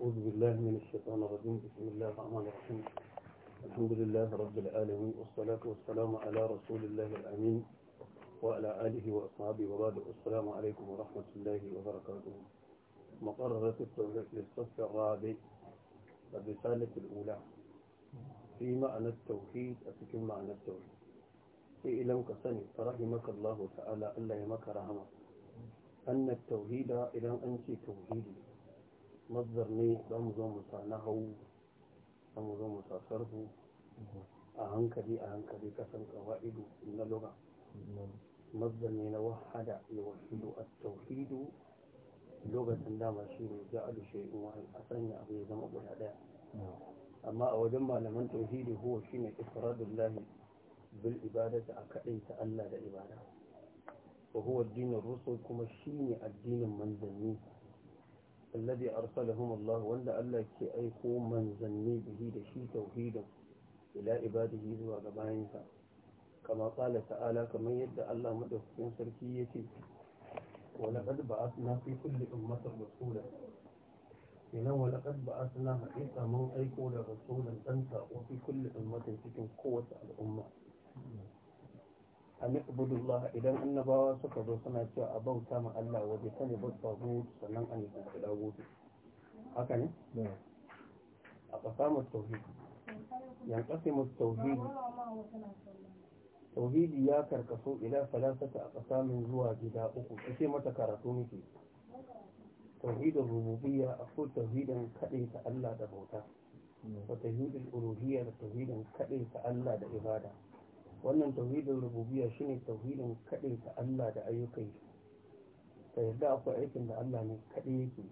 أعوذ بالله من الشيطان الرجيم بسم الله الرحمن الرحيم الحمد لله رب العالمين والصلاة والسلام على رسول الله الأمين وعلى آله وأصحابه وبعد السلام عليكم ورحمة الله وبركاته مقررة التوحيد للصف الرابع الرسالة الأولى في معنى التوحيد أتكلم معنى التوحيد في إلم كسني فرحمك الله تعالى ألا يمك رحمه أن التوحيد إلى أنت توحيدي مصدر ني don مصانعه zo مصاصره sa nahawu don mu من اللغة نعم. مصدر ني نوحد يوحد التوحيد لغة دام شيء جعل شيء واحد أسنى أبي زم أبو الأداء نعم. أما أوجمع لمن توحيد هو شيء إفراد الله بالعبادة أكأيت ألا لعبادة وهو الدين الرسل كما شيء الدين المنزلين الذي أرسلهم الله ولا ألا كي أيقو من زني به لشي توحيدا إلى عباده وغباينها كما قال تعالى كما يدى الله مدفقين سركيتي ولقد بعثنا في كل أمة رسولا إنه ولقد بعثنا حقيقة من أيقو لرسولا أنت وفي كل أمة تكون قوة الأمة an ibudullah idan annabawa suka zo suna cewa a bauta ma Allah waje sani bauta hutu sannan an yi kuma gudu haka ne a ƙasa mu tauhid yankasi mu tauhidi tauhidi ya karkaso ila falasata a ƙasa min zuwa gida uku kace mata karatu muke tauhidin rububiyya akwai tauhidin kaɗai ta Allah da bauta wa tauhidin uluhiyya da tauhidin kaɗai ta Allah da ibada wannan tauhidin rububiya shine tauhidin kadai ta Allah da ayyukan shi ka yarda akwai aikin da Allah ne kadai yake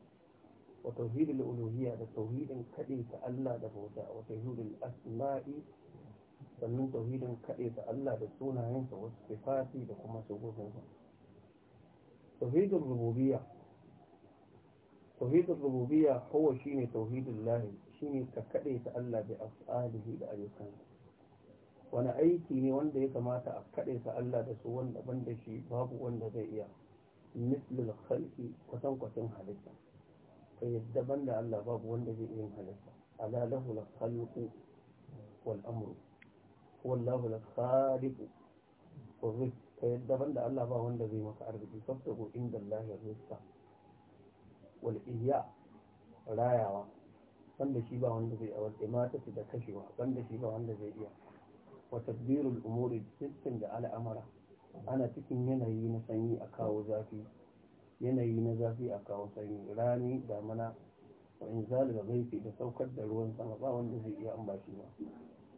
wa tauhidul uluhiyya da tauhidin kadai ta Allah da bauta wa tauhidul asma'i sannan tauhidin kadai ta Allah da sunayensa wasu sifati da kuma sugugunsa tauhidul rububiyya tauhidul rububiyya huwa shine tauhidul lahi shine ka kadai ta Allah bi af'alihi da ayyukansa wani aiki ne wanda ya kamata a kaɗe sa Allah da su wanda ban da shi babu wanda zai iya mislul khalqi kwatan kwatan halitta kai yadda ban da Allah babu wanda zai iya halitta ala lahu al khalqu wal amru wallahu al khaliq wa rizq kai yadda ban da Allah ba wanda zai maka arziki sabtahu inda Allah rizqa wal ihya rayawa da shi ba wanda zai awar da mata da kashewa da shi ba wanda zai iya wa tadbirul umuri sistin da al'amara ana cikin yanayi na sanyi zafi na zafi a kawo sanyi rani damana wa in zalika gaifi da saukar da ruwan sama ba wanda zai iya ambashi ba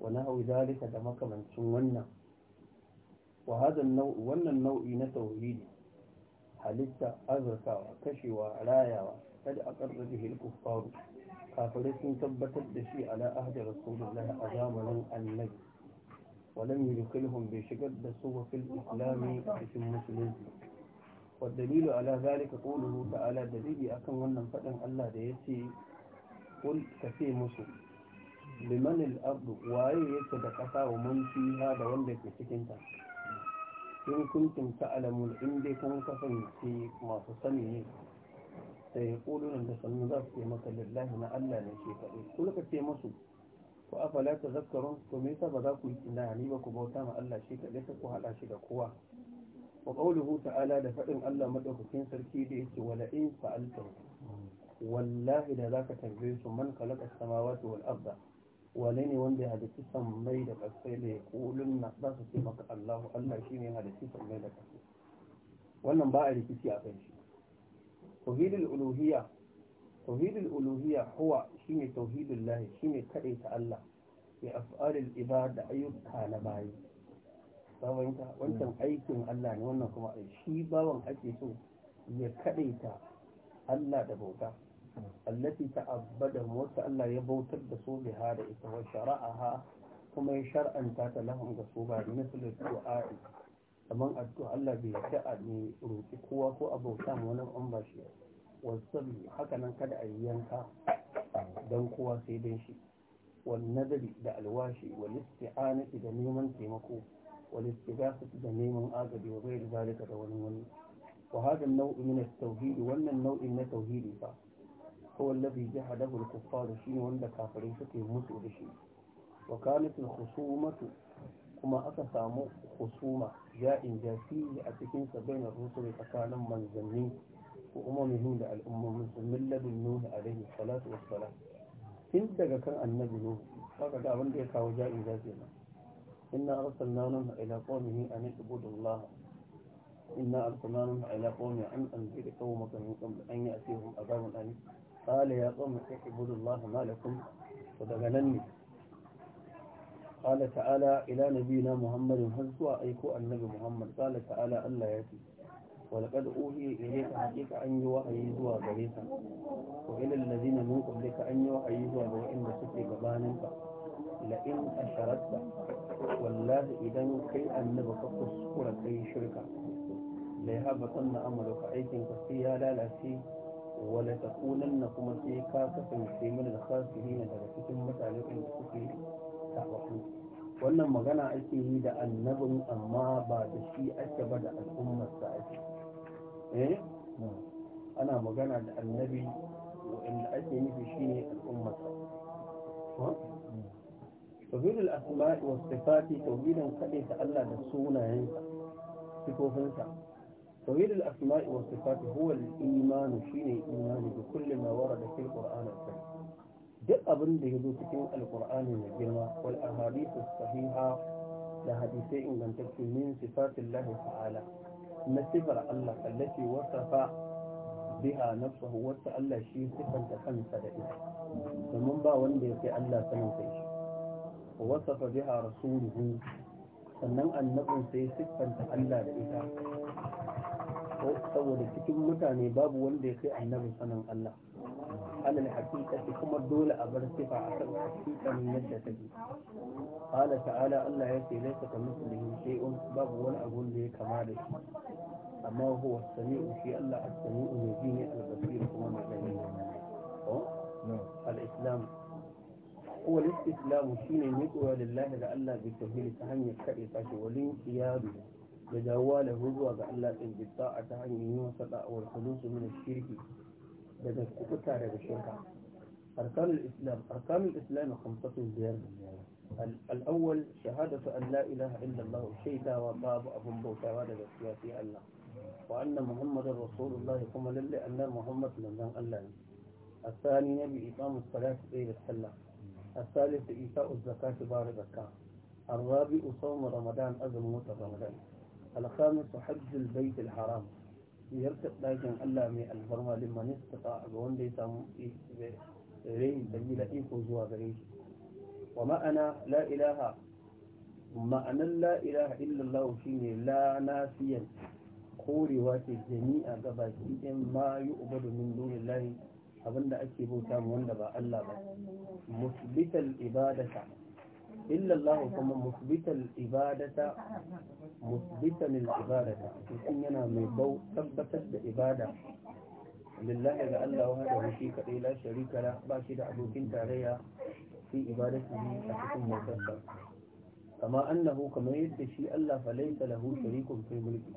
wa nahwi da makamancin wannan wannan nau'i na tauhidi halitta azurtawa kashewa rayawa kada a karɓi hilkufaru kafirai sun tabbatar da shi ala ahdi rasulullahi a zamanin annabi ولم يدخلهم بشكل بسوء في الإسلام اسم مسلم والدليل على ذلك قوله تعالى دليل أكن ونن فدن الله ديتي قل كفي مسلم لمن الأرض وأي يتدقى ومن فيها دون بك سكنتا إن كنتم تعلمون إن بكم كفن في ما تصنيه سيقولون أن تصنوا ذلك لله ما ألا نشيك قل كفي مسلم wa afala ta zakkarun to me yasa ba za ku yi tunani ba ku bauta ma Allah shi kaɗai ka ku haɗa shi da kowa wa qawluhu ta'ala da faɗin Allah madaukakin sarki da yake wala in fa'alta wallahi da zaka tambaye su man khalaqa samawati wal arda wane ne wanda ya halitta sammai da ƙasai da ya kulun na za su ce maka Allahu Allah shi ne ya halitta sammai da ƙasai wannan ba a rikici a kan shi tauhidul uluhiyya tauhidul uluhiyya huwa shine tauhidul lahi shine ta Allah bi af'alil ibada ayyuka na bayi sabanka wancan hmm. aikin Allah ne wannan kuma shi bawan ake so ya ta Allah da bauta hmm. allati ta'abbada wata Allah ya bautar da su biha da ita wa shara'aha kuma ya shar'anta ta lahum ga su ba misalin du'a kamar addu'a Allah bai ta'a ne roƙi kowa ko abauta wani an ba shi wasabi haka nan kada a yi yanka don kowa sai dan shi wal nadari da alwashi wal isti'anati da neman taimako wal istighasati da neman agaji wa ghairu zalika da wani wani wa hada nau'i min at-tauhid wannan nau'in na tauhidi fa هو الذي جحده الكفار شيء وند كافرين سكي مسو دشي وكانت الخصومة كما أكسامو خصومة جاء جاسيه أتكين بين الرسل فكان من زنين ko umarnihu da al’ummomin sulmullabin nuhu a rahin salatu wasu salam tun daga kan annabi nuhu saka ga abin da ya kawo ja'in zafi na ina arsalanun a ilaƙomihi a ne ɗubu da allaha ina arsalanun a ilaƙomi an ɗanke da kawo makamin ƙamɗa an yi a cikin azabin ɗani ƙala ya tsoma sai ɗubu da allaha malakun ko daga nan ne ƙala ta'ala ila nabi na muhammadin har zuwa aiko annabi muhammad ƙala ta'ala allah ya fi walƙad ohi ne ka haƙiƙa an yi zuwa gare ka ko ina na mun kwalle ka an yi wa'ayi zuwa ga wa'inda suke gabanin ka la'in a sharatta wallahi idan kai annaba ka kuskura kai shirka da ya haɓa san ka aikin ka sai ya lalace wala ta kunan kuma sai ka kasance mana da kasiri na daga cikin mutane wanda suke taɓaku wannan magana ake yi da annabin amma ba da shi ake ba da al'ummar sa إيه؟ أنا مجانا النبي وإن أجني في شيء الأمة تغير الأسماء والصفات تغيرا كلي تألا دسونا هنسا تكوف هنسا تغير الأسماء والصفات هو الإيمان شيني إيمان بكل ما ورد في القرآن الكريم دقا بندي هدو تكين القرآن الكريم والأحاديث الصحيحة لحديثين من تكون من صفات الله تعالى na sifar Allah allati wasafa biha nafsuhu wata Allah shi sifanta kansa da ita domin ba wanda ya kai Allah sanin kai shi wasafa biha rasuluhu sannan annabin sai siffanta Allah da ita Ko saboda cikin mutane babu wanda ya kai annabin sanin Allah alal hakikati kuma dole a bar sifa a kan hakikanin yadda take qala ta'ala Allah ya ce laysa ka mislihi shay'un babu wani abu da ya kama da shi أما هو السميع في الله السميع يجين البصير هو مجانين نعم. الإسلام هو الاستسلام شين نقوى لله لألا بالتوحيد تهني كأي تاشي ولين قياده لجوال هدوى بألا إن بالطاعة تهني وصلاء والخلوص من الشرك لذا كتا رب الشركة أركان الإسلام أركان الإسلام خمسة زيادة الأول شهادة أن لا إله إلا الله شيدا وباب أبو بوتا ولد الله وأن محمد رسول الله كما للي أن محمد من الله الثاني نبي إقام الصلاة إلى السلام الثالث إيتاء الزكاة بار زكاة الرابع صوم رمضان أزم موت رمضان الخامس حج البيت الحرام يرتق لكن ألا من البرمى لمن استطاع بون ليس رين دليل إيكو زوا بريش ومعنى لا إله معنى لا إله إلا الله فيه لا نافيا korewa ce jami'a ga baki ɗin ma yi domin min dunin lahi abinda ake bauta mu wanda ba Allah ba musbital ibadata illa Allah kuma musbital ibadata musbital ibadata mutum yana mai bau tabbatar da ibada lillahi ga Allah wa hada shi kadai la sharika la ba shi da abokin tarayya fi ibadatihi a cikin motarsa kama annahu kamar yadda shi Allah fa laysa lahu sharikun fi mulki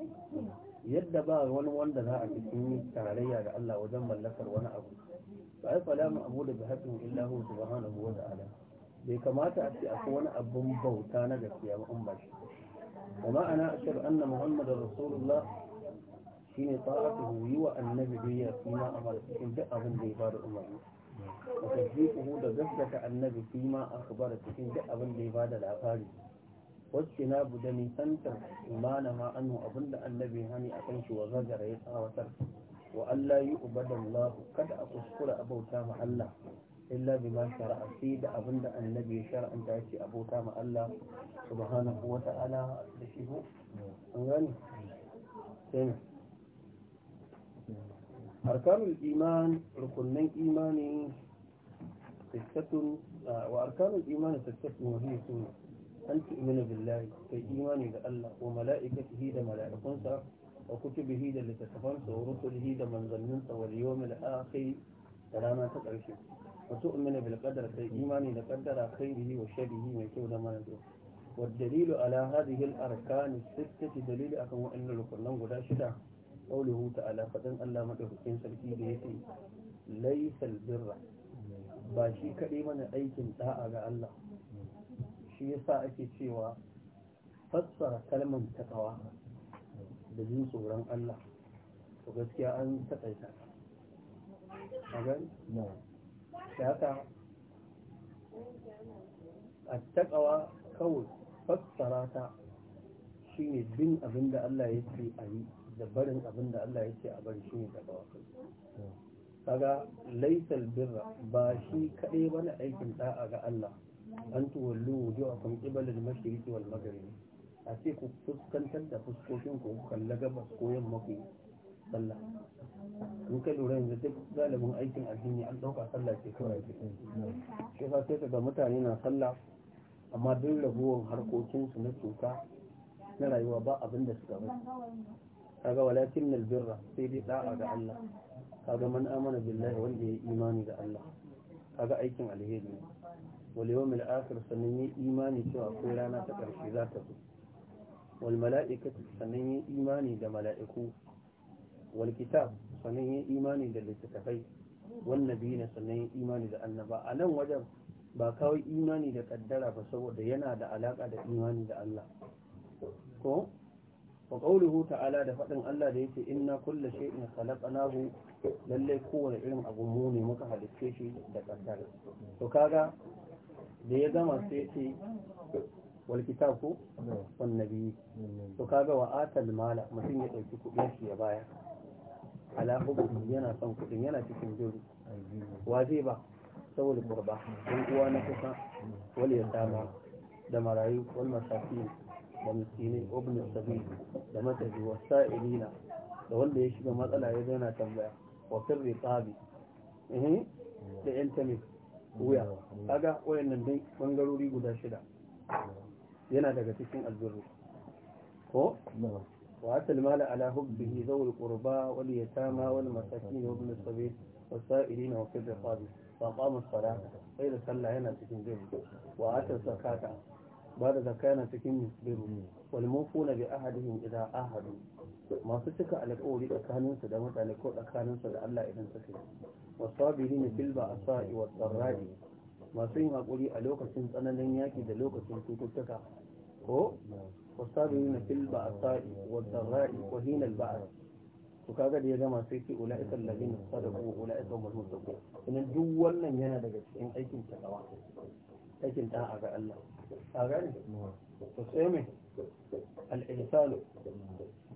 yadda ba wani wanda za a cikin tarayya da Allah wajen mallakar wani abu ba ai abu da bihaqqin illa subhanahu wa ta'ala bai kamata a ce akwai wani abun bauta na gaskiya ba in ba shi kuma ana ashar anna muhammadar rasulullah shine ta'atuhu yi wa annabi biyya fima amara cikin duk abin da ya bada umarni wa tasdiquhu da gaskata annabi fima akhbara cikin duk abin da ya bada labari wacce na buda nisantar imana ma anu abinda annabi hani a kan shi wa zagara ya tsawatar wa Allah yi ubadan lahu kada a kuskura a ma Allah illa bi ma shara'a sai da abinda annabi ya shara'anta ya ce a ma Allah subhanahu wa ta'ala da shi ko an gani sai arkanul iman rukunnan imani wa arkanul imani an tu'minu billahi kai imani da Allah wa mala'ikatihi da mala'ikunsa wa kutubihi da littattafansa wa rusulihi da manzanninsa wal yawmil akhir da rana ta karshe wa tu'minu bil kai imani da qaddara khairihi wa sharrihi mai kyau da mara kyau والدليل على هذه الأركان الستة دليل أكون أن القرآن قد شدع قوله تعالى da الله مدفقين سلكي بيتي ليس البر باشي كريما أيكم تاء على الله shi yasa ake cewa fassara kalmar takawa da jin tsoron Allah to gaskiya an taƙaita a gani? da haka a taƙawa kawai fassara ta shi ne bin abin da Allah ya ce a yi da barin abin da Allah ya ce a bari shi ne taƙawa kaga laisal birra ba shi kaɗai wani aikin ɗa'a ga Allah an tuwallu wujuhakum qibala al-mashriqi wal maghrib a ce ku fuskantar da fuskokin ku kalla gabas ko yamma ku sallah in ka lura yanzu duk galibin aikin addini an ɗauka sallah ce kawai shi sa sai ga mutane na sallah amma duk rabuwar harkokinsu na cuta na rayuwa ba abin da suka bai kaga walakin nal birra sai dai da'a ga Allah kaga man amana billahi wanda ya yi imani da Allah kaga aikin alheri ne واليوم الآخر سنني إيماني سوى قولانا تقرشي ذاته والملائكة سنني إيماني دا ملائكو والكتاب سنني إيماني دا لتتفي والنبيين سنني إيماني دا النبا أنا وجب باكاوي إيماني دا قدرة فسوى دا ينا دا علاقة دا إيماني دا الله كون وقوله تعالى دا فتن الله دا يتي إنا كل شيء خلقناه للي كون علم أبو موني مكحل الكيشي دا قدرة وكاغا da ya zama sai ce walkita ko wannabi to kaga wa atal mala mutum ya ɗauki kuɗin shi ya baya ala hubbi yana son kuɗin yana cikin juri wa zai ba saboda burba don uwa na kusa wal yatama da marayu wal masakin da miskinai ibn sabi da matabi wasa'ilina da wanda ya shiga matsala ya zauna tambaya wa fir riqabi da intanet wuya kaga wayannan dai bangarori guda shida yana daga cikin albirru ko wa mala ala hubbihi zawul qurba wal yatama wal masakin wa ibn as-sabil wa sa'ilina wa fil riqabi fa qama as-salata sai da sallah yana cikin dai wa atal zakata ba da zakana cikin dai hmm. wal mufuna bi ahadihim idha ahadu masu cika alƙawari tsakaninsu da mutane ko tsakaninsu da Allah idan suke wasabiri ne bilba a sa'i wa tsarra'i masu yin haƙuri a lokacin tsananin yaƙi da lokacin cututtuka ko wasabiri ne bilba a sa'i wa tsarra'i wa hinal ba'a to kaga da ya gama sai ce ula'ika alladhina sadaqu ula'ika hum al-muttaqun idan duk wannan yana daga cikin aikin takawa aikin da'a ga Allah a gane to sai me al-ihsanu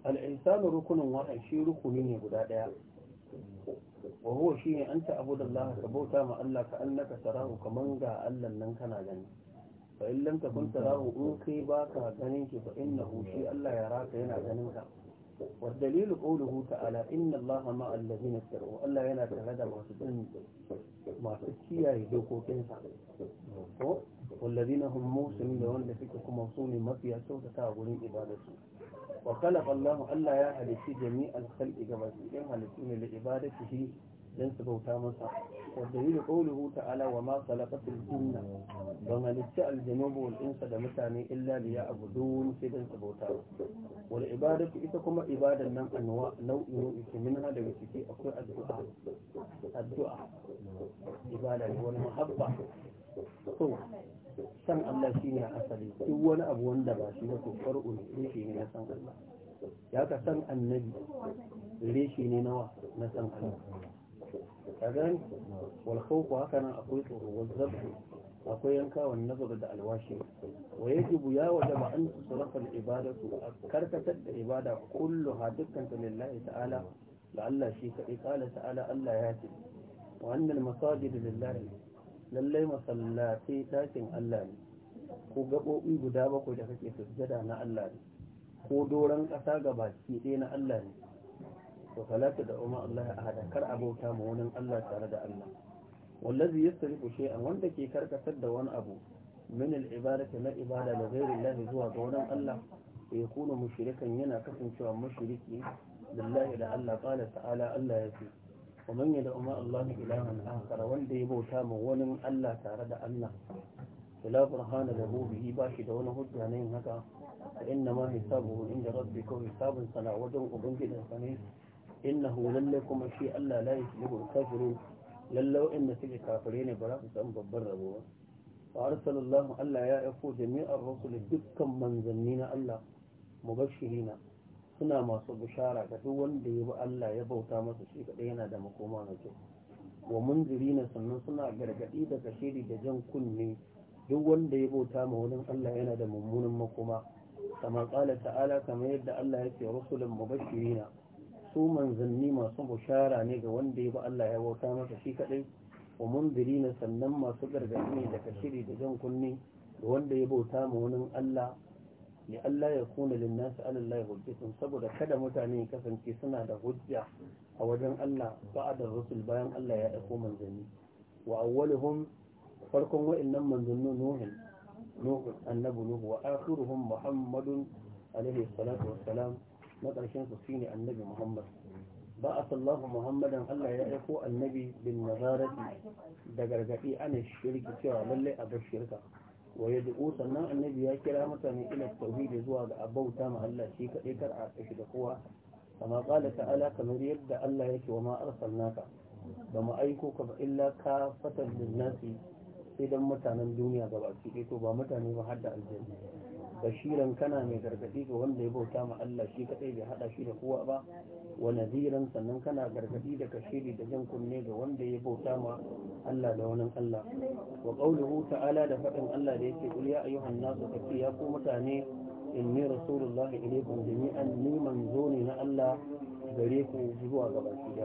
al'insanu rukunin waɗan shi rukuni ne guda ɗaya wa huwa shi ne an ta'abu da ka bauta ma Allah ka annaka tarahu kaman ga Allah nan kana gani fa in lam takun in kai baka ganin ki fa innahu shi Allah ya raka yana ganin ka wa dalilu qawluhu ta'ala inna Allah ma alladhina taqaw Allah yana tare da masu din masu kiyaye dokokin sa ko walladhina hum muslimin da wanda suke kuma su ne mafiya kyautata wurin ibadarsu wa khalaqa Allah Allah ya halitta jami'al khalqi ga masu halittu ne li ibadatihi don su bauta masa wadda yi da ƙaunuhu ta'ala wa ma salakatul jinna ban halitta aljanubu wal insa da mutane illa biya abu duwun sai don su bauta wal ibadatu ita kuma ibadan nan anwa nau'i nau'i ke minha daga ciki akwai addu'a addu'a ibada ne wani mahabba so san Allah shine asali duk wani abu wanda ba shi ba to far'u ne shi ne na san Allah ya ka san annabi reshe ne nawa na san Allah kagani wal khawfu hakana akwai tsoro wal akwai yanka wan da alwashi wa yajibu ya wajaba an tusarrafa ibadatu karkatar da ibada kullu ha dukkan ta lillahi ta'ala la Allah shi kai qala ta'ala Allah ya ce wa annal masajid lillahi lallai masallatai takin Allah ne ko gaɓoɓi guda bakwai da kake sujjada na Allah ne ko ƙasa kasa gaba ki na Allah ne wa salatu da umar Allah ahada kar abota mu wani Allah tare da Allah wallazi yastarifu a wanda ke karkatar da wani abu min ibadata na ibada da ghayri Allah zuwa ga wani Allah ya kuna mushrikan yana kasancewa mushiriki lillahi da Allah qala ta'ala Allah ya ce wa man yad'u ma Allah ilahan akhar wanda ya bauta ma wani Allah tare da Allah da فلا برهان له به باشي دون هجة نين هكا فإنما حسابه عند ربك حساب صنع وجن أبنجد الخميس innahu lalle kuma shi Allah la yuslihu kafirun lalle wa'anda suke kafire ne ba za su san babban rabo ba fa arsalallahu Allah ya aiko jami'ar rusul dukkan manzanni na Allah mubashirina suna masu bishara ga duk wanda ya bi Allah ya bauta masa shi kadai yana da makoma mai kyau wa munzirina sannan suna gargadi da kashiri da jan kunne duk wanda ya bauta ma wurin Allah yana da mummunan makoma kama kala ta'ala kamar yadda Allah ya ce rusulun mubashirina su manzanni masu bushara ne ga wanda ya ba Allah ya bauta masa shi kadai wa munziri na sannan masu gargaɗi ne daga shiri da jan kunne da wanda ya bauta ma wani Allah ne Allah ya kuna linnasu alallahi hujjatun saboda kada mutane kasance suna da hujja a wajen Allah ba'adar rusul bayan Allah ya aiko manzanni wa awwaluhum farkon wa'annan manzannu nuhin nuhu annabi nuhu wa akhiruhum muhammadun alaihi salatu wassalam na ƙarshen su shine annabi muhammad ba a sallahu muhammadan allah ya aiko annabi bin nazarati da gargaɗi ana shirki cewa lallai a bar shirka wa ya duƙo sannan annabi ya kira mutane ila tauhidi zuwa ga abauta ma allah shi kaɗai kar a ƙashi da kowa kama ƙala ta'ala kamar yadda allah yake wa ma arsalnaka ba mu aiko ka ba illa ka fatar linnasi sai dan mutanen duniya gaba ki to ba mutane ba har da aljanna bashiran kana mai gargadi ga wanda ya bauta ma Allah shi kadai bai hada shi da kowa ba wa naziran sannan kana gargadi da kashiri da jan kunne ga wanda ya bauta ma Allah da wani Allah wa qauluhu ta'ala da fadin Allah da yake kul ya ayyuhan nasu kafi ya ku mutane inni rasulullah ilaykum jami'an ni manzo ne na Allah gare ku zuwa gaba baki da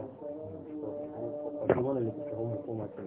wannan littafin mu koma can